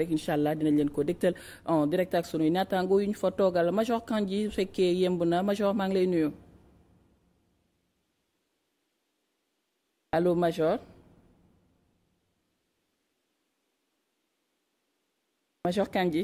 rek incha allah dinañ leen ko dégtal en direct ak sunuy naataango yu ñu fa toogal major Kandji fekkee yemb na major maa lay nuyu. allo major. major Kandji.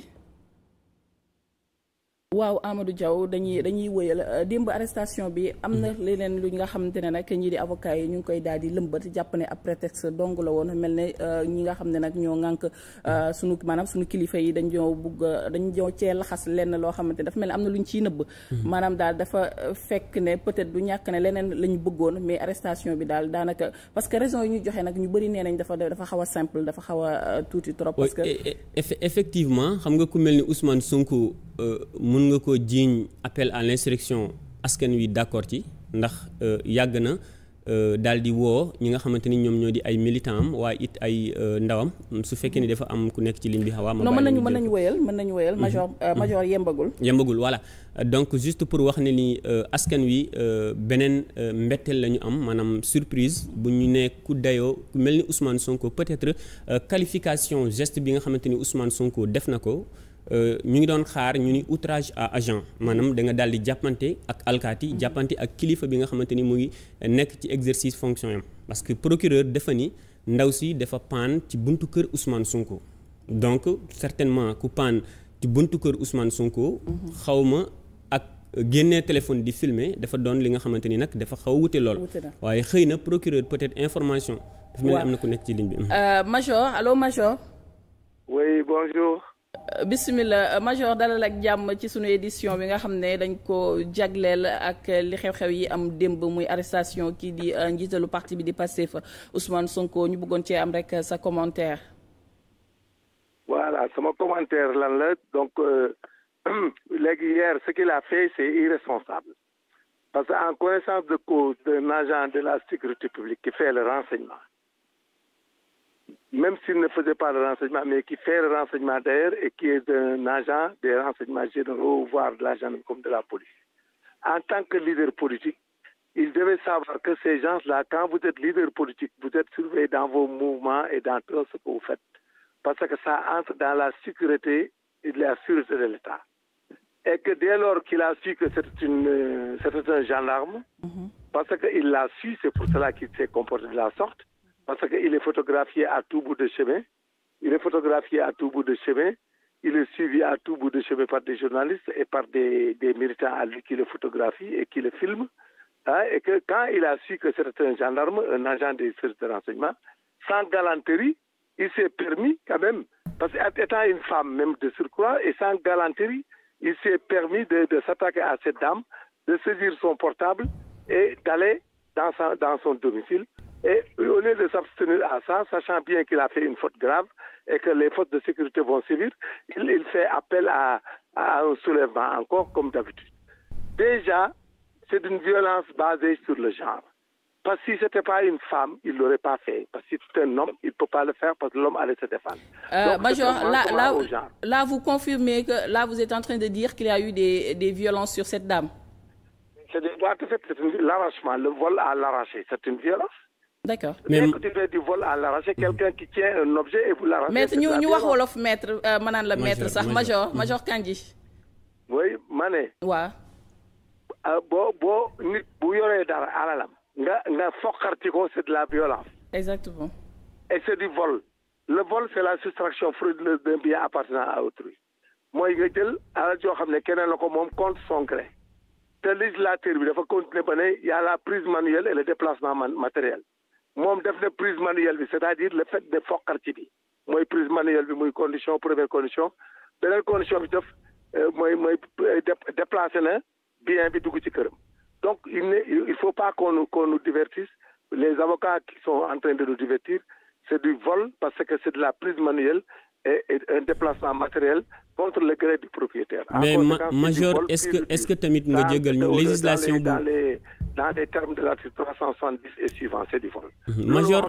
waaw Amadou jaw dañuy dañuy wëyal euh, démb arrestation bi am na mm-hmm. leneen lu nga xamante ne nag ñii di avocat yi ñu ngi koy daal di lëmbat jàpp ne ab prétexte dong la woon mel ne euh, ñi nga xam ne nag ñoo ŋànk euh, mm-hmm. sunu maanaam sunu kilifa yi dañ ñoo bugg dañ ñoo cee laxas lenn loo xamante ne dafa mel ne am na lu ñu ciy nëbb mm-hmm. maanaam daal dafa fekk ne peut-être du ñàkk ne leneen la ñu bëggoon mais arrestation bi daal daanaka parce que raison yi ñu joxe nag ñu bëri nee nañ dafa dafa xaw a simple dafa xaw a tuuti trop e-, e-, effectivement xam nga ku mel ni Ousmane Sonko mun nga ko jiiñ appel à l'insurrection askan wi d'accord ci ndax euh, yàgg na euh, daal di woo ñi nga xamante ni ñoom ñoo di ay militant am waaye it ay euh, ndawam su fekkee ni dafa am ku nekk ci ligne bi xawaa ma non mën nañu mën nañu wéyal mën nañu wéyal mhm. major mhm. major yembagul yembagul voilà donc juste pour wax ne ni askan wi beneen mbetteel la ñu am maanaam surprise bu ñu ne ku dayoo ku mel ni Ousmane Sonko peut-être qualification geste bi nga xamante ni Ousmane Sonko def na ko Euh, ñu ngi doon xaar ñu ni outrage à agent maanaam da nga daal di jàppante ak alkaati jàppante ak kilifa bi nga xamante ni mu ngi nekk ci exercice fonction yam parce que procureur dafa ni ndaw si dafa paan ci buntu kër Ousmane Sonko donc certainement ku paan ci buntu kër Ousmane Sonko. xawma ak génnee téléphone di filmer dafa doon li nga xamante ni nag dafa xaw wute lool. waaye xëy na procureur peut-être information. dafa mel am na ku nekk ci ligne bi. Euh, major allo major. bisimilah major dalal ak jàmm ci suñu édition bi nga xam ne dañ ko jagleel ak li xew-xew yi am démb muy arrestation kii di euh, njiitalu parti bi di Pastef Ousmane Sonko ñu bëggoon cee am rek sa commentaire. voilà sama commentaire lan la donc euh, léegi hier ce qu'il a fait c'est irresponsable parce que en connaissance de cause d'un agent de la sécurité publique qui fait le renseignement. même s'il ne faisait pas de renseignement, mais qui fait le renseignement d'ailleurs et qui est un agent des renseignements généraux, voire de la gendarmerie comme de la police. En tant que leader politique, il devait savoir que ces gens-là, quand vous êtes leader politique, vous êtes surveillé dans vos mouvements et dans tout ce que vous faites. Parce que ça entre dans la sécurité et de la sûreté de l'État. Et que dès lors qu'il a su que c'était euh, gendarme, mm -hmm. parce l'a su, c'est pour cela parce qu'il est photographié à tout bout de chemin. Il est photographié à tout bout de chemin. Il est suivi à tout bout de chemin par des journalistes et par des, des militants à lui qui le photographient et qui le filment. Hein, et que quand il a su que c'était un gendarme, un agent des services de renseignement, sans galanterie, il s'est permis quand même, parce qu'étant une femme même de surcroît, et sans galanterie, il s'est permis de, de s'attaquer à cette dame, de saisir son portable et d'aller dans, dans son domicile e au lieu de s'abstenir à ça, sachant bien qu'il a fait une faute grave et que les fautes de sécurité vont suivre, il, fait appel à, à, un soulèvement encore comme d'habitude. Déjà, c'est une violence basée sur le genre. Parce que si ce n'était pas une femme, il ne pas fait. Parce si c'est un homme, il ne pas le faire parce l'homme allait se défendre. Euh, Major, là, vous confirmez que là, vous êtes en train de dire qu'il y a eu des, des violences sur cette dame. C'est l'arrachement, le D'accord. Mais du vol à l'arraché, quelqu'un qui tient un objet et vous l'arrachez. Maître ñu ñu wax wolof maître euh, ma la maître sax major major mm. Kandji. oui mane waa waaw. Ah, boo boo nit bu yoree dara alalam. nga nga foqarti ko c'est de la violence. exactement. et c'est du vol. le vol c'est la soustraction frauduleuse bi bien appartenant à autrui. mooy nga jël alal joo xam ne keneen la ko moom contre son gré. te législateur bi dafa continuer ba ne y a la prise manuelle et le déplacement moom def na prise manuelle bi c'est-à-dire le fait de foqar ci bi mooy prise manuelle bi muy condition première condition beneen condition bi def euh, mooy mooy euh, déplacé na bien bi dugg ci këram donc il ne il faut pas qu'on nous qu'on nous divertisse les avocats qui sont en train de nous divertir c'est du vol parce que c'est de la prise manuelle et, et un déplacement en mais ma major est-ce que est-ce que tamit nga jégal dans des termes de l'article 370 et suivant, c'est du vol. Mhm. Major...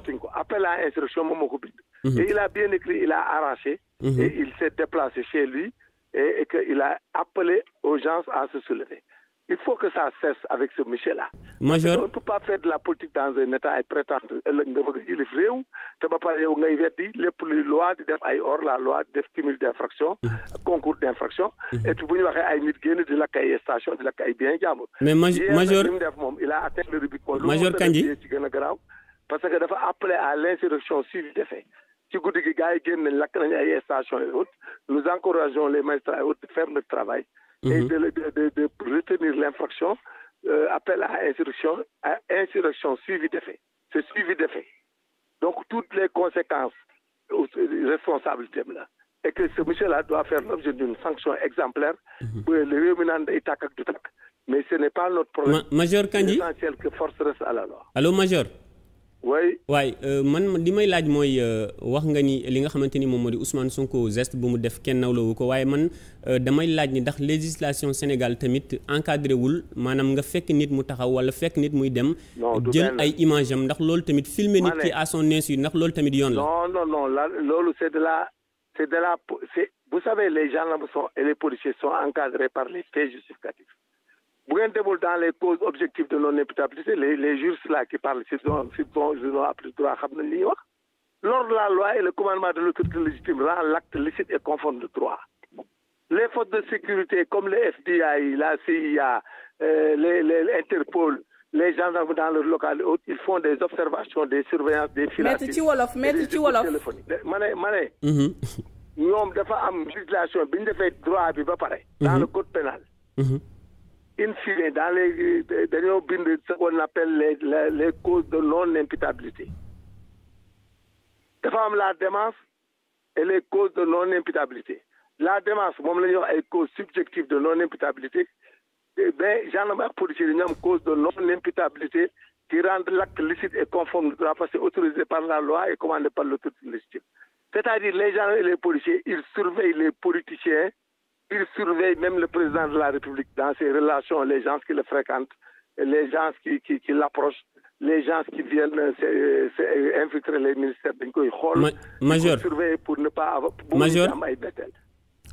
Appel à instruction, mhm. Et il a bien écrit, il a arraché, mhm. et il s'est déplacé chez lui, et, et qu'il a appelé aux gens à se soulever. Il faut que ça cesse avec ce monsieur-là. Major. On ne peut de la politique dans un État et prétendre ëllëg euh, nga bëgg a yilif réew te ba pare yow ngay weddi luy loi di def ay hors la loi di def cumul d'infraction mmh. concours d'infraction mmh. et puis bu ñu waxee ay nit génn di lakk ay station di lakk ay bien jàmbur. mais Major li mu def moom il a atteint le Rubicon. Major Kandji gën a garaaw parce que dafa appelé à l'insurrection suivie des faits ci guddi gi gars yi génn nañ lakk nañ ay station et autres nous encourageons les magistrats et autres de faire mhm. le travail et de de de retenir l'infraction euh, appel à insurrection à insurrection suivi d'effet c'est suivi d'effet donc toutes les conséquences responsabilités am la et que ce monsieur là doit faire l'objet d'une sanction exemplaire bu mhm. réew mi naan day tàkk ak mais ce n'est pas notre problème major Kandji l'essentiel que force à la loi allô major waaye waay euh, man li may laaj mooy euh, wax nga ni li nga xamante ni moom moo di Ousmane Sonko geste bu mu def kenn nawlawu ko waaye man euh, damay laaj ni ndax législation Sénégal tamit encadré wul maanaam nga fekk nit mu taxaw wala fekk nit muy dem. jël ay image ndax loolu tamit. filmer nit ki à son insu ndax loolu tamit yoon la. non non non loolu c'est la la c'est vous savez les gendarmes sont et les par les bu ngeen demul dans les causes objectives de non imputabilité les les juristes là qui parlent s'ils ont s'ils ont ils ont appris droit xam nañ li ñuy wax l'ordre de la loi et le commandement de l'autorité légitime rend l'acte licite et conforme de droit les forces de sécurité comme euh, les FDI la CIA euh, les les Interpol les gendarmes dans leur local ils font des observations des surveillances des filatures maître ci wolof maître ci wolof ma ne ma ne mhm. ñoom dafa am législation bi ñu defee droit bi ba pare dans mhm. le code pénal mhm. in fine dans les dañoo bind ce qu'on appelle les les causes de non imputabilité dafa am la démence et les causes de non imputabilité la démence moom la ñuy wax ay causes subjectives de non imputabilité mais eh gendarme ak policier dañu am cause de non imputabilité qui rend l'acte licite et conforme du droit parce que autorisé par la loi et commandé par l'autorité légitime c'est-à-dire les gendarmes et les policiers ils les politiciens Il surveille même le président de la République dans ses relations, les gens qui le fréquentent, les gens qui, qui, qui l'approchent, les gens qui viennent euh, c est, euh, c est euh, infiltrer les ministères. Major. Pour ne pas avoir, pour Major.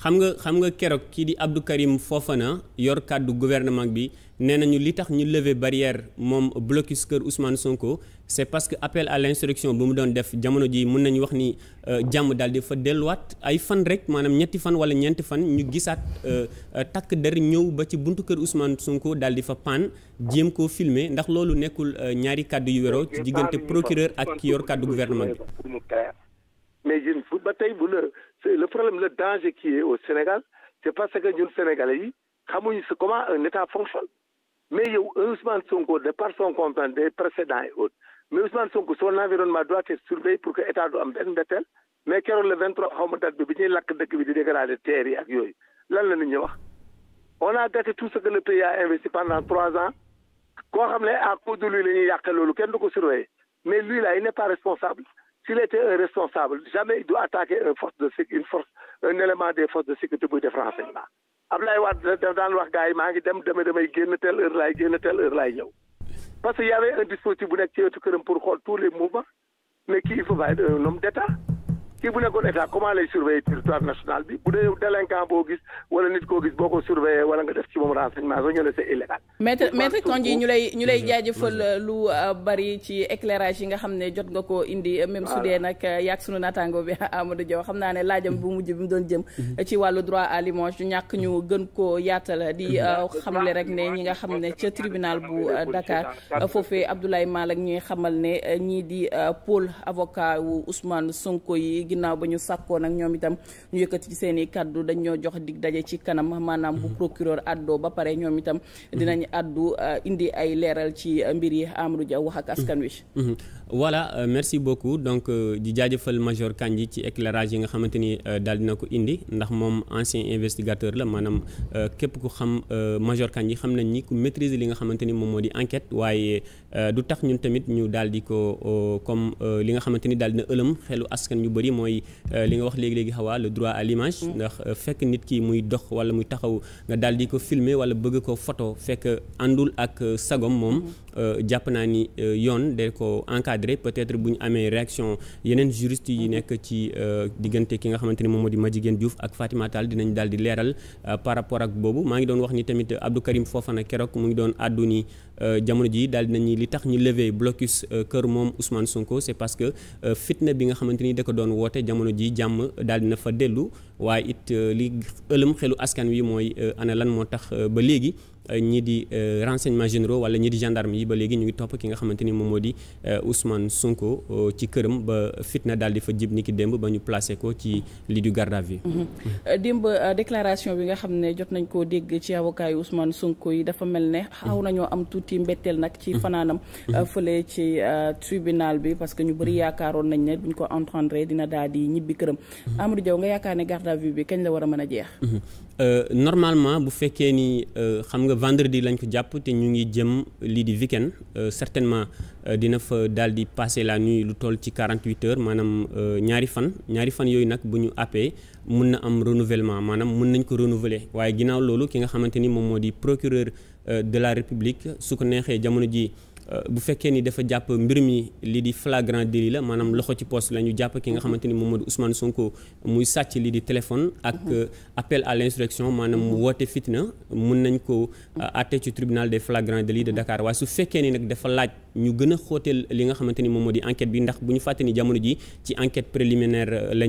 xam nga xam nga keroog kii di Abdou Karim Fofana yor kàddu gouvernement bi nee nañu li tax ñu levee barrière moom blocus kër Ousmane Sonko c'est parce que appel à l'instruction bu mu doon def jamono ji mun nañu wax ni euh, jàmm daal di fa delluwaat ay fan rek maanaam ñetti fan wala ñeenti fan ñu gisaat euh, euh, takk der ñëw ba ci buntu kër Ousmane Sonko daal di fa paan jéem koo filmer ndax loolu nekkul ñaari kàddu yu wéroo ci diggante procureur ak ki yor kàddu gouvernement bi. mais ñun fu ba tey bu le le problème le danger qui est au Sénégal c'est parce que ñun sénégalais yi xamuñu si comment un état fonctionne mais yow Ousmane Sonko de par son compte des précédents et autres mais Ousmane son environnement doit être surveillé pour que état du am benn mbetteel mais keroog le 23 xaw ma date bi bi ñuy lakk dëkk bi di dégradé terre yi ak yooyu lan la nit ñi wax on a gâté tout ce que le pays a investi pendant trois ans koo xam ne à cause de lui la ñuy yàqe loolu kenn du ko surveiller mais lui là il n'est pas responsable s'il était un responsable jamais il doit attaquer une force de une force un élément des forces de la buy def renseignement Abdoulaye Wade daan wax gars yi maa ngi dem dama damay génn telle heure laay génn telle heure laay ñëw parce que y avait un dispositif bu nekk ci wetu këram pour xool tous les mouvements mais kii il faut être un homme d'État kii bu nekkoon état comment lay surveiller territoire national bi bu dee délinquant boo gis wala nit koo gis boo ko surveiller wala nga def ci moom renseignement soo ñëwee c'est illégal. maître maître Kandji ñu lay ñu lay jaajëfal lu euh, bari ci éclairage yi nga xam ne jot nga koo indi. Euh, même su dee nag euh, yàgg sunu naataango bi Amadou Diaw xam naa ne laajam bu mujj bi mu doon jëm. Mm-hmm. ci wàllu droit à l'image ñàkk ñu gën koo yaatal di mm-hmm. xamle rek ne ñi nga xam ne ca tribunal bu Dakar foofu Abdoulaye Mal ak ñuy xamal ne ñii di pôle avocat wu Ousmane Sonko ginnaaw ba ñu sàkkoon ak ñoom itam ñu yëkkati ci seeni i kaddu dañ ñoo jox dig daje ci kanam maanaam bu mm-hmm. procureur addoo ba pare ñoom itam mm-hmm. dinañ addu euh, indi ay leeral ci euh, mbir yi Amadou Dia wax ak askan wi mm-hmm. voilà euh, merci beaucoup donc di jaajëfal major Kandji ci éclairage yi nga xamante ni daal dina ko indi ndax moom ancien investigateur la maanaam képp ku xam major Kandji xam nañ ni ku maîtriser li nga xamante ni moom moo di enquête waaye Euh, du tax ñun tamit ñu daal di ko euh, comme euh, li nga xamante ni daal dina ëlëm xelu askan yu bëri mooy li nga wax léegi-léegi xawaa le droit à l'image mm. ndax fekk nit ki muy dox wala muy taxaw nga daal di ko filme wala bëgg ko foto fekk àndul ak sagom moom mm. jàpp naa ni yoon de ko encadrer peut-être bu ñu amee réaction yeneen juriste yi mm-hmm. nekk ci diggante ki nga xamante ni moom moo di jigéen Diouf ak Fatima dinañ daal di leeral par rapport ak boobu maa ngi doon wax ni tamit Abdou Karim Fofana keroog mu ngi doon àddu ni li tax ñu lever blocus euh, kër moom Ousmane Sonko c'est parce que euh, fitna bi nga xamante ni da ko doon woote jamono ji jàmm daal dina fa dellu waaye it euh, li ëlëm xelu askan wi mooy ana lan moo tax ba léegi Euh, ñii di euh, renseignements généraux wala ñii di gendarme yi ba léegi ñu ngi topp ki nga xamante ni moom moo di euh, Ousmane Sonko ci këram ba fitna daal di fa jib ni ki démb ba ñu placé ko ci lii du garde mhm. déclaration bi nga xam ne jot nañ koo dégg ci avocat yi Ousmane Sonko yi dafa mel ne xaw nañoo am tuuti mbetteel nag ci mhm. fanaanam mhm. fële ci tribunal bi parce que ñu bëri yaakaaroon nañ ne buñ ko entendre dina daal di ñibbi këram Amadou Diaw nga yaakaar ne garde à vue bi kañ la war a mën a jeex Euh, normalement bu fekkee ni euh, xam nga vendredi lañ ko jàpp te ñu ngi jëm lii di weekend euh, certainement dina fa daal di passer la nuit lu toll ci 48 heures maanaam ñaari fan ñaari fan yooyu nag bu ñu appee mun na am renouvellement maanaam mun nañ ko renouveler waaye ginnaaw loolu ki nga xamante ni moom moo di procureur de la république su ko neexee jamono ji Euh, bu fekkee ni dafa jàpp mbir mi lii di flagrant délit la maanaam loxo ci poste la ñu jàpp ki nga xamante ni moom moo di Ousmane Sonko muy sàcc lii di téléphone. ak mhm. euh, appel à l' maanaam mu mhm. woote fitna mun nañ ko euh, mhm. àtte ci tribunal des flagrants délits de Dakar waaye su fekkee ni nag dafa laaj ñu gën a xóoteel li nga xamante ni moom moo di enquête bi ndax bu ñu fàtte ni jamono ji ci enquête préliminaire la